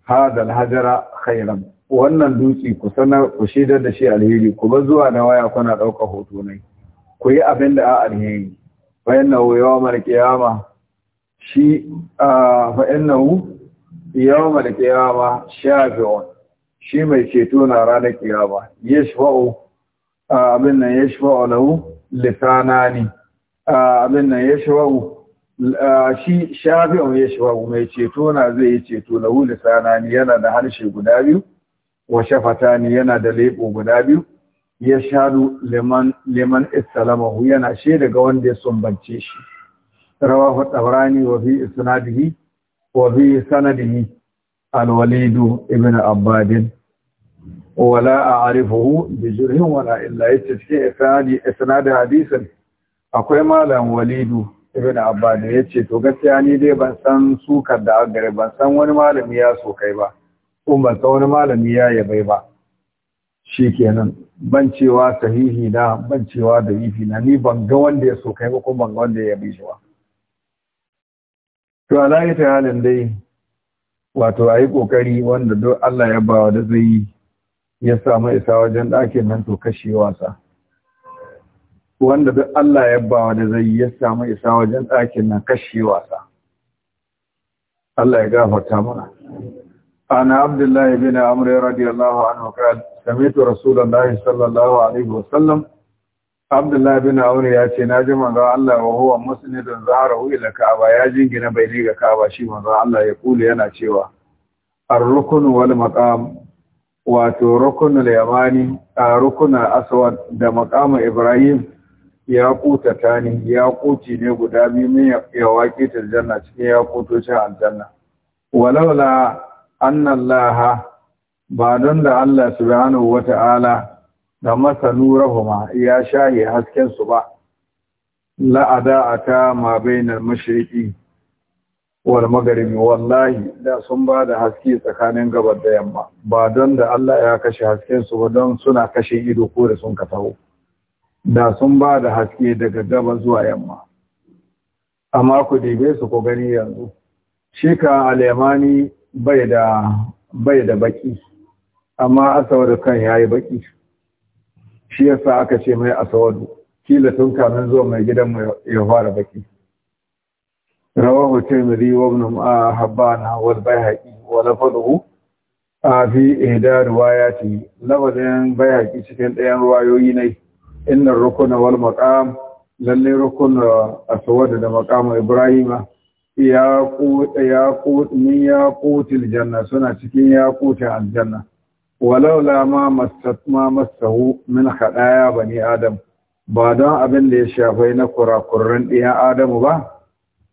[SPEAKER 1] هذا الحجر خيرا wannan dutse ku sanar ku shaidar da shi alheri ku bar zuwa na waya kuna ɗaukar hoto ne ku yi abin da a alheri fa'innahu yawmal shi shi mai ceto na ranar kiyama yashfa'u abin nan yashfa'u lahu lisanani abin nan yashfa'u shi shafi'un yashfa'u mai ceto na zai yi ceto lahu lisanani yana da harshe guda biyu wa shafatani yana da lebo guda biyu ya shaɗu liman liman istalamahu yana she daga wanda ya sumbance shi rawahu tabrani wa fi isnadihi wa fi sanadihi alwalidu ibn عباد wala a'rifuhu بجره ولا wala يتشكي yace cikin isnadi isnadi hadisin akwai malam walidu ibn abbad yace to دي ni dai ban san sukar da agare ban san wani malami ya so kai ba ko ban san wani malami ya ban cewa sahihi na ban cewa da yifi na ni ban ga wanda ya so kai ba ko ban ga wanda ya bi shi ba to ala ta halin dai wato a yi ƙoƙari wanda duk Allah ya bawa da zai yi ya samu isa wajen ɗakin nan to kashe wasa wanda duk Allah ya bawa da zai yi ya samu isa wajen ɗakin nan kashe wasa Allah ya gafarta mana ana abdullahi bin amr radiyallahu anhu qala sami'tu rasulullahi sallallahu alaihi wasallam abdullahi bin aure ya ce na ji manzo Allah wa huwa musnidun zaharahu ila ka'aba ya jingina bai ne ga ka'aba shi manzo Allah ya kula yana cewa ar-rukun wal maqam wato rukunul yamani a rukunar aswad da maqamu ibrahim ya kutata ne ya kuti ne guda biyu min ya waƙi ta janna cikin ya kutocin aljanna walaula annallaha ba don da Allah subhanahu ta'ala. da masa nurahuma ya shaye hasken su ba la'ada ata ma bainal mashriqi wal magharibi wallahi da sun ba da haske tsakanin gabar da yamma ba don da Allah ya kashe hasken su ba don suna kashe ido ko da sun kataho da sun ba da haske daga gabar zuwa yamma amma ku dibe su ko gani yanzu shi ka alemani bai da bai da baki amma asawar kan yayi baki shi yasa aka ce mai asawadu kila tun kamin zuwa mai gidan mu ya fara baki rawahu tirmidhi wa ibn habana wal bayhaqi wa lafadhu fi ihda riwayati bai bayhaqi cikin ɗayan riwayoyi ne inna rukuna wal maqam lalle rukuna aswad da maqam ibrahima ya qut ya min ya janna suna cikin ya qutil aljanna walaula ma masahu min hadaya bani adam ba don abin da ya shafai na kurakurran ɗiyan adamu ba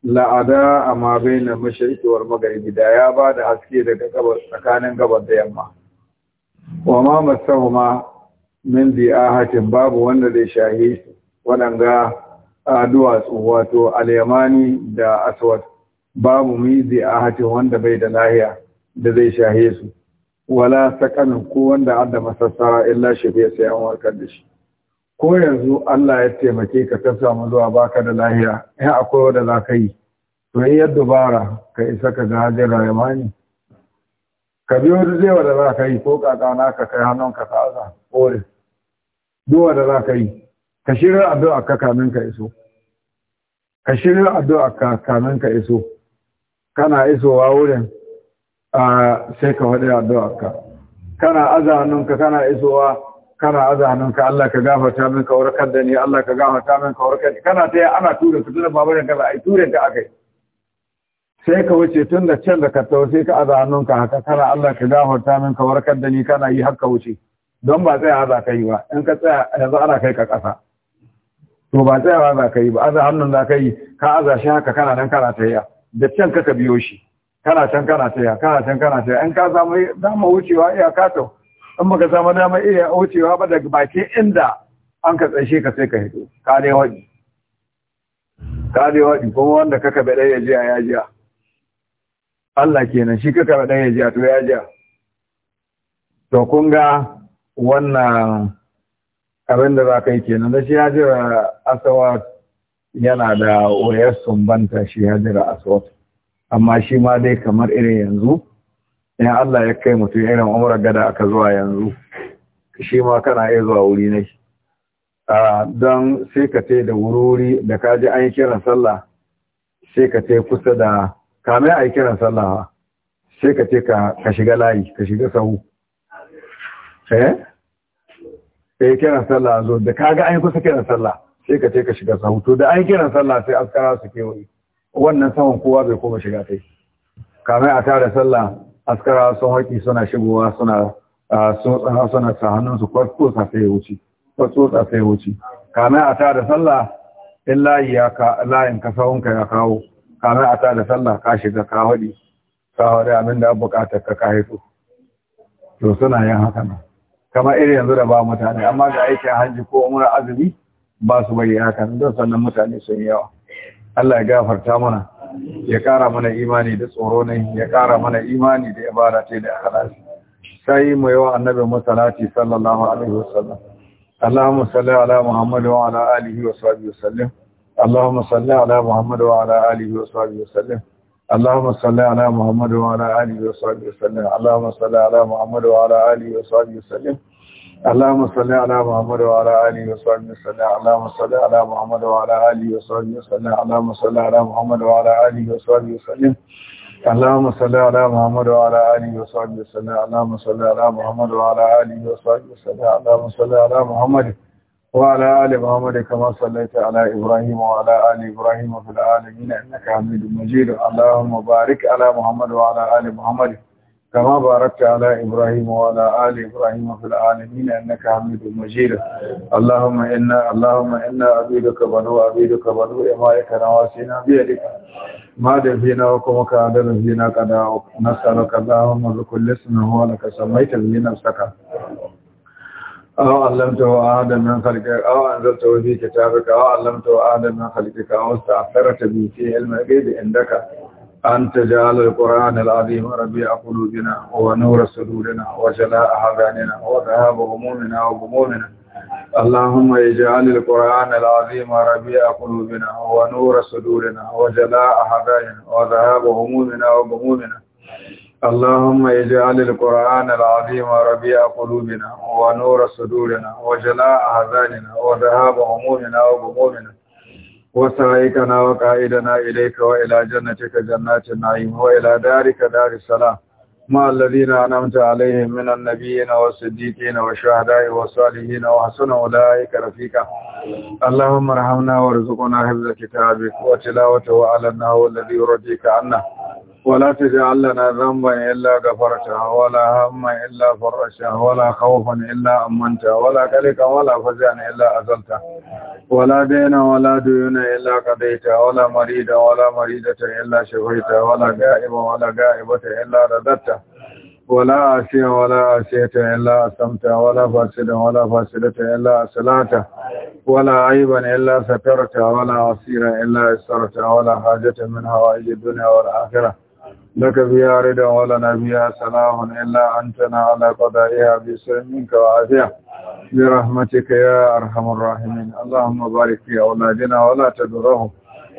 [SPEAKER 1] la'ada a ma na mashirki wal magharibi da ya ba da haske daga tsakanin gabar da yamma wa ma masahu ma min hakin babu wanda zai shahi waɗanga duwatsu wato alyamani da aswat babu mi hakin wanda bai da lahiya da zai shahe su wala sakanin ko wanda da masassara illa shi bai sai an warkar da shi ko yanzu Allah ya taimake ka ta samu zuwa baka da lahiya eh akwai wanda za ka yi to yi yadda bara ka isa ka ga hajjar rayamani ka biyo wani zai wanda za ka yi ko na ka kai hannun ka tsaza ore duk wanda za ka yi ka shirya addu'a ka kamin ka iso ka shirya addu'a ka kamin ka iso kana isowa wurin sai ka faɗi addu'arka kana azanunka kana isowa kana azanunka Allah ka gafarta min ka warkar da ni Allah ka gafarta min ka warkar kana ta ana tura ka tunda babarin ka ai tura ka akai sai ka wuce tun da can da ka tawo sai ka azanunka haka kana Allah ka gafarta min ka warkar da ni kana yi haka wuce don ba tsaya za ka yi ba in ka tsaya yanzu ana kai ka ƙasa to ba tsayawa za ka yi ba aza hannun za ka yi ka aza shi haka kana nan kana ta yi da can ka ka biyo shi kana can kana taya kana can kana taya in ka samu dama wucewa iya kato in baka samu dama iya wucewa ba daga bakin inda an ka tsaye ka sai ka hito ka dai waɗi ka dai waje. kuma wanda kaka bada ya jiya ya jiya Allah kenan shi kaka bada ya jiya to ya jiya to kun ga wannan abin da za ka yi kenan da shi ya jira asawat yana da wayar sumbanta shi ya jira asawat amma shi ma dai kamar irin yanzu in Allah ya kai mutum irin umar gada aka zuwa yanzu shi ma kana iya zuwa wuri ne don sai ka ce da wuri da ka ji an yi kiran sallah sai ka ce kusa da kamar a yi kiran sallah sai ka ce ka shiga layi ka shiga sahu eh eh kiran sallah zo da kaga an yi kusa kiran sallah sai ka ce ka shiga sahu to da an yi kiran sallah sai askara su kewaye wannan saman kowa bai koma shiga ta yi kamar a tare sallah askara sun haƙi suna shigowa suna tsara suna ta hannunsu kwatsosa sai wuce kwatsosa sai wuce kamar a tare sallah in layi ya ka layin ka sahunka ya kawo kamar a tare sallah ka shiga ka haɗi ka haɗi abin da buƙatar ka ka hito to suna yin haka nan kamar irin yanzu da ba mutane amma ga aikin hajji ko umar azumi ba su bari haka don sannan mutane sun yawa Allah ya gafarta mana ya ƙara mana imani da tsoro ne ya ƙara mana imani da ibada ta da halasi sai mu wa annabi musallati sallallahu alaihi wasallam Allahumma salli ala Muhammad wa ala alihi wa sahbihi wasallam Allahumma salli ala Muhammad wa ala alihi wa sahbihi wasallam Allahumma salli ala Muhammad wa ala alihi wa sahbihi wasallam Allahumma salli ala Muhammad wa ala alihi wa sahbihi wasallam Allahumma salli ala Muhammad wa ala alihi wa sahbihi sallallahu alaihi wasallam Allahumma salli ala Muhammad wa ala alihi wa sahbihi sallallahu ala Muhammad wa ala alihi wa sahbihi sallallahu اللهم صل على محمد وعلى اله وصحبه وسلم اللهم صل على محمد وعلى اله وصحبه وسلم اللهم صل على محمد وعلى اله محمد كما صليت على ابراهيم وعلى اله ابراهيم في العالمين انك حميد مجيد اللهم بارك على محمد وعلى اله كما باركت على إبراهيم وعلى آل إبراهيم في العالمين أنك حميد مجيد اللهم إنا اللهم إنا عبيدك بنو عبيدك بنو إمائك نواسينا بيدك ما دفينا وكمك عدل فينا قد نسألك اللهم بكل اسم هو لك سميت به نفسك أو آه، علمته أحدا من خلقك أو آه، أنزلته في كتابك أو آه، علمته أحدا من خلقك أو استأثرت به في علم الغيب عندك أن تجعل القرآن العظيم ربيع قلوبنا ونور صدورنا وجلاء أحزاننا وذهاب همومنا وغمومنا اللهم اجعل القرآن العظيم ربيع قلوبنا ونور صدورنا وجلاء أحزاننا وذهاب همومنا وغمومنا اللهم اجعل القرآن العظيم ربيع قلوبنا ونور صدورنا وجلاء أحزاننا وذهاب همومنا وغمومنا وسعيكنا وقائدنا إليك وإلى جنتك جنات النعيم وإلى دارك دار السلام مع الذين أنعمت عليهم من النبيين والصديقين والشهداء والصالحين وحسن أولئك رفيقا اللهم ارحمنا وارزقنا حفظ كتابك وتلاوته على النهو الذي يرضيك عنا
[SPEAKER 2] ولا تجعل
[SPEAKER 1] لنا ذنبا إلا غفرته ولا هم إلا فرجته ولا خوفا إلا أمنته ولا كلك ولا فزعا إلا أزلته ولا دينا ولا ديون إلا قضيته ولا مريدا ولا مريدة إلا شفيته ولا غائبا ولا غائبة إلا رددته ولا عاسيا ولا عاشية إلا أسمته ولا فاسدا ولا فاسدة إلا أسلاته ولا عيبا إلا سترته ولا عصيرا إلا أسرته ولا حاجة منها هوائج الدنيا والآخرة لك بها رضا ولنا بها سلام إلا أنتنا على قضائها بسلمك وعافية برحمتك يا أرحم الراحمين اللهم بارك في أولادنا ولا تدرهم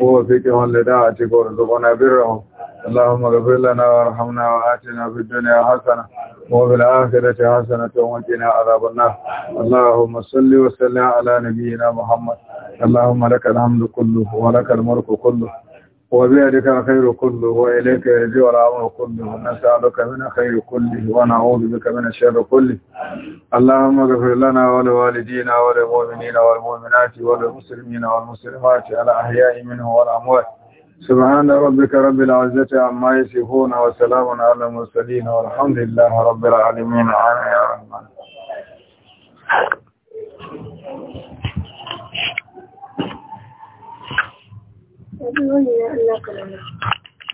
[SPEAKER 1] ووفقهم لداعتك وارزقنا برهم اللهم اغفر لنا وارحمنا وآتنا في الدنيا حسنة وفي الآخرة حسنة وقنا عذاب النار اللهم صل وسلم على نبينا محمد اللهم لك الحمد كله ولك الملك كله وبيدك خير كله وإليك يرجع العمر كله ونسألك من خير كله ونعوذ بك من الشر كله اللهم اغفر لنا ولوالدينا والمؤمنين والمؤمنات والمسلمين والمسلمات الأحياء منه والأموات سبحان ربك رب العزة عما يصفون وسلام على المرسلين والحمد لله رب العالمين آمين يا رحمن 我终于来了！